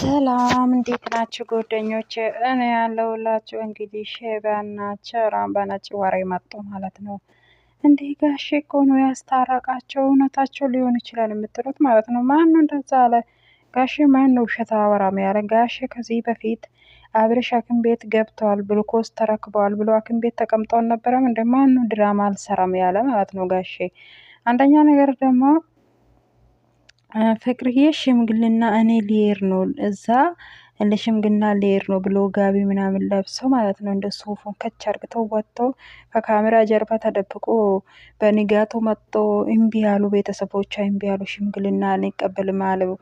ሰላም እንዴት ናችሁ ጓደኞቼ? እኔ ያለሁላችሁ እንግዲህ ሼባና ቸራ በነጭ ወሬ መጡ ማለት ነው። እንዲህ ጋሽ እኮ ነው ያስታረቃቸው፣ እውነታቸው ሊሆን ይችላል የምትሉት ማለት ነው። ማን እንደዛ አለ? ጋሽ? ማን ነው ውሸት አወራም ያለ? ጋሽ? ከዚህ በፊት አብረሽ አክም ቤት ገብተዋል፣ ግሉኮስ ተረክበዋል ብሎ አክም ቤት ተቀምጠው ነበረም። እንደ ማን ነው ድራማ አልሰራም ያለ ማለት ነው ጋሽ። አንደኛ ነገር ደግሞ ፍቅርዬ ሽምግልና እኔ ሊሄድ ነው እዛ ለሽምግልና ሊሄድ ነው ብሎ ጋቢ ምናምን ለብሰው ማለት ነው እንደ ሱፉን ከች አርግተው ወጥተው ከካሜራ ጀርባ ተደብቆ በንጋቱ መጥቶ እምቢ ያሉ ቤተሰቦቿ እምቢ ያሉ ሽምግልና አንቀበልም አለው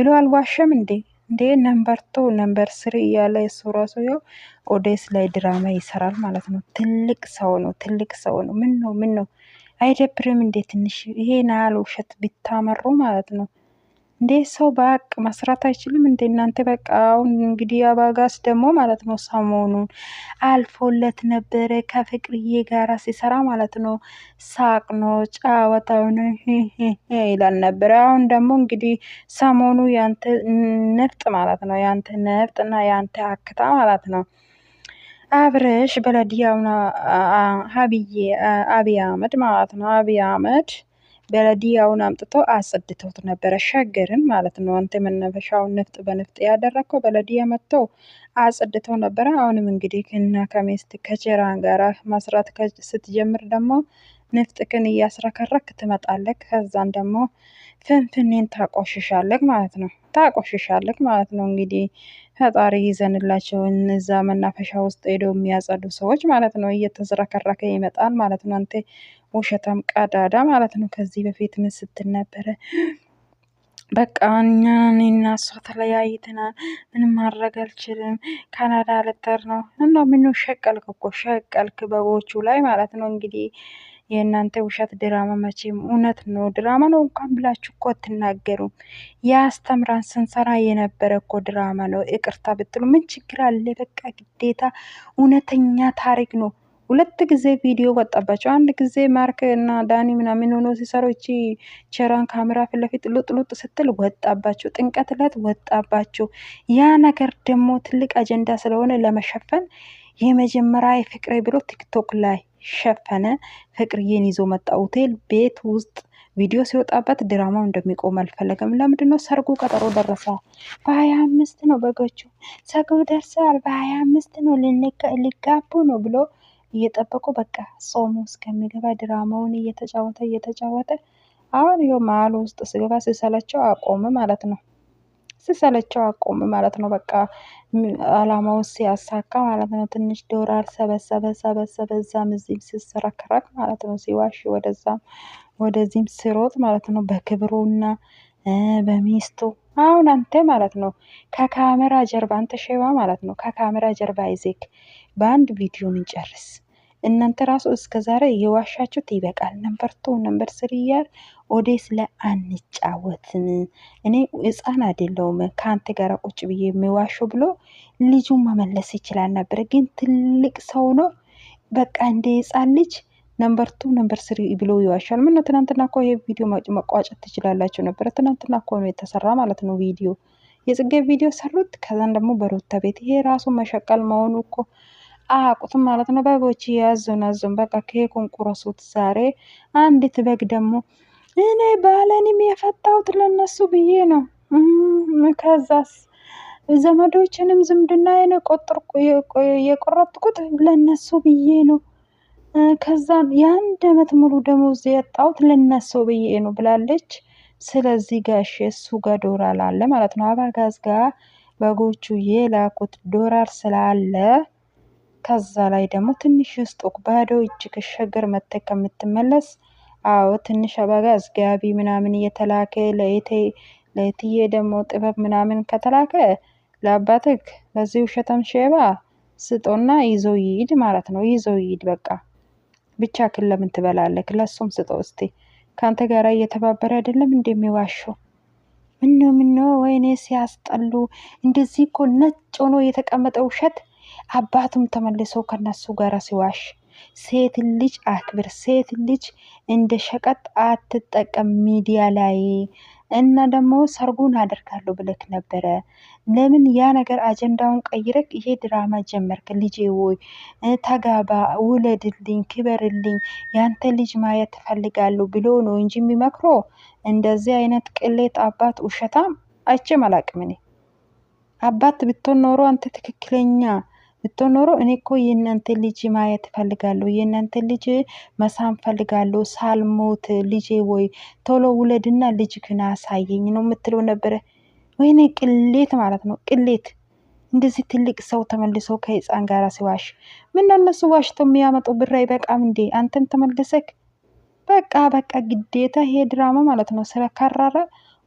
ብሎ አልዋሸም እንዴ እንዴ ነምበር ቱ ነምበር ስሪ እያለ እሱ ራሱ ያው ኦዴስ ላይ ድራማ ይሰራል ማለት ነው። ትልቅ ሰው ነው፣ ትልቅ ሰው ነው። ምን ነው ምን ነው አይደብርም እንዴ? ትንሽ ይሄን ያህል ውሸት ቢታመሩ ማለት ነው። እንዴ ሰው በሀቅ መስራት አይችልም እንደ እናንተ። በቃ አሁን እንግዲህ አባጋስ ደግሞ ማለት ነው ሰሞኑን አልፎለት ነበረ ከፍቅርዬ ጋር ሲሰራ ማለት ነው። ሳቅ ነው ጫወታው ነው ይላል ነበረ። አሁን ደግሞ እንግዲህ ሰሞኑ ያንተ ነፍጥ ማለት ነው ያንተ ነፍጥ እና ያንተ አክታ ማለት ነው አብረሽ በለዲያውና ሀብዬ አብይ አህመድ ማለት ነው አብይ አህመድ በለዲያውን አምጥተው አጸድተውት ነበረ። ሸገርን ማለት ነው። አንተ መናፈሻውን ንፍጥ በንፍጥ ያደረግከው በለዲያ መጥተው አጸድተው ነበረ። አሁንም እንግዲህ እና ከሚስት ከችራን ጋር መስራት ስትጀምር ደግሞ ንፍጥክን እያስረከረክ ትመጣለክ። ከዛን ደግሞ ፍንፍኔን ታቆሽሻለክ ማለት ነው። ታቆሽሻለክ ማለት ነው። እንግዲህ ፈጣሪ ይዘንላቸውን እዛ መናፈሻ ውስጥ ሄደው የሚያጸዱ ሰዎች ማለት ነው። እየተዝረከረከ ይመጣል ማለት ነው። አንተ ውሸታም ቀዳዳ ማለት ነው። ከዚህ በፊት ምን ስትል ነበረ? በቃ እኛ እኔና እሷ ተለያይተናል። ምንም ማድረግ አልችልም። ካናዳ ልጠር ነው እና ምኑ ሸቀልክ እኮ ሸቀልክ በጎቹ ላይ ማለት ነው እንግዲህ የእናንተ ውሸት ድራማ መቼም እውነት ነው፣ ድራማ ነው እንኳን ብላችሁ እኮ አትናገሩም። የአስተምራን ስንሰራ የነበረ እኮ ድራማ ነው። ይቅርታ ብትሉ ምን ችግር አለ? በቃ ግዴታ እውነተኛ ታሪክ ነው። ሁለት ጊዜ ቪዲዮ ወጣባቸው። አንድ ጊዜ ማርክ እና ዳኒ ምናምን ሆኖ ሲሰሩ እቺ ቸራን ካሜራ ፊት ለፊት ሉጥ ሉጥ ስትል ወጣባቸው፣ ጥንቀት ለት ወጣባቸው። ያ ነገር ደግሞ ትልቅ አጀንዳ ስለሆነ ለመሸፈን የመጀመሪያ የፍቅሬ ብሎ ቲክቶክ ላይ ሸፈነ። ፍቅርዬን ይዞ መጣ። ሆቴል ቤት ውስጥ ቪዲዮ ሲወጣበት ድራማው እንደሚቆም አልፈለገም። ለምንድን ነው ሰርጉ ቀጠሮ ደረሰ። በሀያ አምስት ነው በጎቹ ሰርጉ ደርሰዋል። በሀያ አምስት ነው ሊጋቡ ነው ብሎ እየጠበቁ በቃ ጾሙ እስከሚገባ ድራማውን እየተጫወተ እየተጫወተ አሁን ይኸው መሀል ውስጥ ስገባ ስሰለቸው አቆም ማለት ነው። ስሰለቸው አቆም ማለት ነው። በቃ አላማውን ሲያሳካ ማለት ነው። ትንሽ ዶላር ሰበሰበ ሰበሰበ፣ እዛም እዚህም ሲሰረከረክ ማለት ነው። ሲዋሽ ወደዛም ወደዚህም ሲሮጥ ማለት ነው። በክብሩና በሚስቱ አሁን አንተ ማለት ነው ከካሜራ ጀርባ አንተ ሸባ ማለት ነው ከካሜራ ጀርባ ይዜክ በአንድ ቪዲዮ እንጨርስ። እናንተ ራሱ እስከ ዛሬ የዋሻችሁት ይበቃል። ነንበር ቱ ነንበር ስሪ እያል ኦዴስ ላይ አንጫወትም። እኔ ህፃን አይደለውም ከአንተ ጋር ቁጭ ብዬ የሚዋሾ ብሎ ልጁን መመለስ ይችላል ነበር፣ ግን ትልቅ ሰው ነው። በቃ እንደ ህፃን ልጅ ነምበር ቱ ነምበር ስሪ ብሎ ይዋሻል። ምነው ትናንትና እኮ ይሄ ቪዲዮ መቋጨት ትችላላቸው ነበረ። ትናንትና እኮ ነው የተሰራ ማለት ነው ቪዲዮ የጽጌ ቪዲዮ ሰሩት። ከዛን ደግሞ በሩታ ቤት ይሄ ራሱ መሸቀል መሆኑ እኮ አያውቁትም ማለት ነው። በጎች ያዙን አዙን በቃ ኬኩን ቁረሱት። ዛሬ አንዲት በግ ደግሞ እኔ ባለንም የፈታሁት ለነሱ ብዬ ነው። ከዛስ ዘመዶችንም ዝምድና የቆረጥኩት ለነሱ ብዬ ነው ከዛም የአንድ ዓመት ሙሉ ደሞዝ ያጣሁት ለእነሱ ብዬ ነው ብላለች። ስለዚህ ጋሽ እሱ ጋር ዶላር አለ ማለት ነው። አባጋዝ ጋር በጎቹ የላኩት ዶላር ስላለ ከዛ ላይ ደግሞ ትንሽ ስጦቅ ባዶ እጅ ከሸገር መተ ከምትመለስ አዎ ትንሽ አባጋዝ ጋቢ ምናምን እየተላከ ለእትዬ ደግሞ ጥበብ ምናምን ከተላከ ለአባትክ ለዚህ ውሸተም ሼባ ስጦና ይዞ ይሂድ ማለት ነው። ይዞ ይሂድ በቃ ብቻ ክን ለምን ትበላለክ? ለሱም ስጦ እስቲ ከአንተ ጋር እየተባበረ አይደለም እንደሚዋሸው ምኖ ምኖ፣ ወይኔ ሲያስጠሉ! እንደዚህ እኮ ነጭ ሆኖ የተቀመጠ ውሸት። አባቱም ተመልሰው ከነሱ ጋር ሲዋሽ፣ ሴት ልጅ አክብር፣ ሴት ልጅ እንደ ሸቀጥ አትጠቀም ሚዲያ ላይ እና ደግሞ ሰርጉን አደርጋለሁ ብለክ ነበረ። ለምን ያ ነገር አጀንዳውን ቀይረክ ይሄ ድራማ ጀመርክ? ልጄ ወይ ተጋባ፣ ውለድልኝ፣ ክበርልኝ፣ ያንተ ልጅ ማየት ትፈልጋለሁ ብሎ ነው እንጂ የሚመክሮ እንደዚህ አይነት ቅሌት አባት ውሸታም አይቼም አላቅም እኔ። አባት ብትሆን ኖሮ አንተ ትክክለኛ ብትሆን ኖሮ እኔ እኮ የእናንተ ልጅ ማየት ፈልጋለሁ የእናንተ ልጅ መሳም ፈልጋለሁ ሳልሞት ልጄ ወይ ቶሎ ውለድና ልጅህን አሳየኝ ነው የምትለው ነበረ። ወይኔ ቅሌት ማለት ነው ቅሌት። እንደዚህ ትልቅ ሰው ተመልሶ ከህፃን ጋር ሲዋሽ ምን ነው እነሱ ዋሽቶ የሚያመጡ ብራይ በቃም እንዴ? አንተም ተመልሰክ በቃ በቃ ግዴታ ይሄ ድራማ ማለት ነው ስለከረረ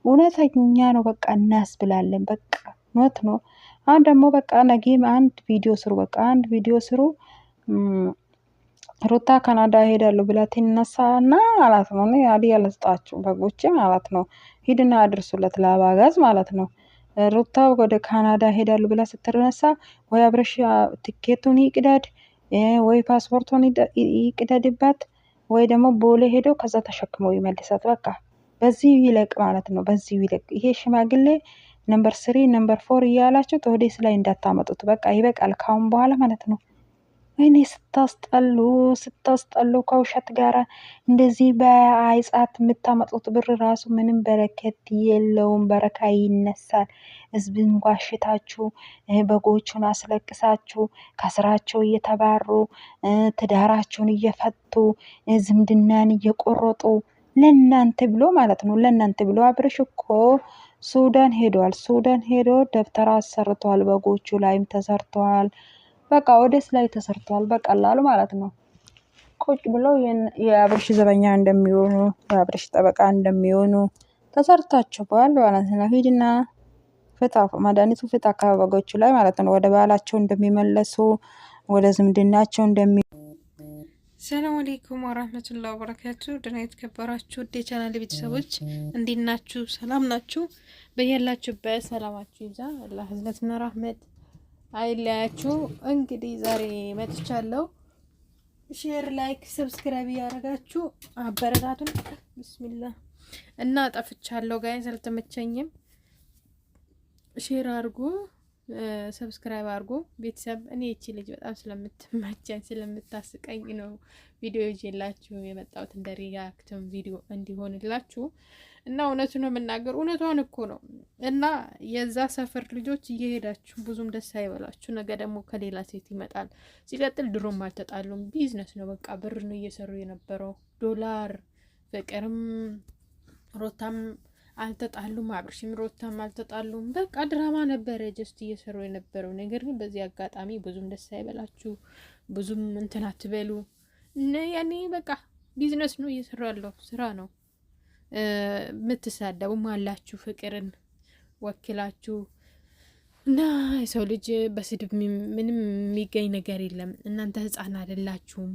እውነተኛ ነው በቃ እናስብላለን በቃ ኖት ነው። አሁን ደግሞ በቃ ነገ አንድ ቪዲዮ ስሩ፣ በቃ አንድ ቪዲዮ ስሩ። ሩታ ካናዳ ሄዳለሁ ብላ ትነሳ እና አላት ነው አዲ ያለስጣችሁ በጎችም አላት ነው። ሂድና አድርሱለት ለአባጋዝ ማለት ነው። ሩታ ወደ ካናዳ ሄዳሉ ብላ ስትነሳ ወይ አብረሽ ትኬቱን ይቅደድ ወይ ፓስፖርቱን ይቅደድባት ወይ ደግሞ ቦሌ ሄደው ከዛ ተሸክመው ይመልሳት። በቃ በዚህ ይለቅ ማለት ነው። በዚህ ይለቅ ይሄ ሽማግሌ ነምበር ስሪ ነምበር ፎር እያላችሁ ሆዴስ ላይ እንዳታመጡት። በቃ ይበቃል ካሁን በኋላ ማለት ነው። ወይኔ ስታስጠሉ ስታስጠሉ ከውሸት ጋር እንደዚህ በአይጻት የምታመጡት ብር ራሱ ምንም በረከት የለውም። በረካ ይነሳል። ህዝብን ጓሽታችሁ በጎቹን አስለቅሳችሁ ከስራቸው እየተባሩ ትዳራቸውን እየፈቱ ዝምድናን እየቆረጡ ለእናንተ ብሎ ማለት ነው። ለእናንተ ብሎ አብርሽ እኮ ሱዳን ሄደዋል። ሱዳን ሄዶ ደብተራ አሰርተዋል። በጎቹ ላይም ተሰርተዋል። በቃ ወደስ ላይ ተሰርተዋል። በቀላሉ ማለት ነው። ቁጭ ብለው የአብርሽ ዘበኛ እንደሚሆኑ የአብርሽ ጠበቃ እንደሚሆኑ ተሰርታችኋል ማለት ነው። ሂድና ፍታ፣ መድኃኒቱ ፍታ፣ ከበጎቹ ላይ ማለት ነው። ወደ ባህላቸው እንደሚመለሱ ወደ ዝምድናቸው እንደሚ ሰላም አሌይኩም ወራህመቱላ ወበረካቱ ደህና የተከበራችሁ ውድ የቻናል ቤተሰቦች እንዴት ናችሁ? ሰላም ናችሁ? በያላችሁበት ሰላማችሁ ይብዛ። አላህ ህዝነትና ራህመት አይለያችሁ። እንግዲህ ዛሬ መጥቻለሁ። ሼር፣ ላይክ፣ ሰብስክራይብ እያደረጋችሁ አበረታቱን። ብስሚላ እና ጠፍቻለሁ ጋይዝ አልተመቸኝም። ሼር አድርጉ ሰብስክራይብ አድርጎ ቤተሰብ። እኔ ይቺ ልጅ በጣም ስለምትመቸኝ ስለምታስቀኝ ነው ቪዲዮ ይዤላችሁ የመጣሁት እንደ ሪያክትም ቪዲዮ እንዲሆንላችሁ እና እውነቱ ነው የምናገር፣ እውነቷን እኮ ነው። እና የዛ ሰፈር ልጆች እየሄዳችሁ ብዙም ደስ አይበላችሁ። ነገ ደግሞ ከሌላ ሴት ይመጣል። ሲቀጥል ድሮም አልተጣሉም። ቢዝነስ ነው በቃ ብር ነው እየሰሩ የነበረው ዶላር ፍቅርም ሮታም አልተጣሉም፣ አብርሽም ሩታም አልተጣሉም። በቃ ድራማ ነበረ ጀስት እየሰሩ የነበረው ነገር። ግን በዚህ አጋጣሚ ብዙም ደስ አይበላችሁ፣ ብዙም እንትን አትበሉ። ያኔ በቃ ቢዝነስ ነው እየሰሩ ያለው ስራ ነው። የምትሳደቡም አላችሁ ፍቅርን ወክላችሁ እና የሰው ልጅ በስድብ ምንም የሚገኝ ነገር የለም። እናንተ ህፃን አይደላችሁም።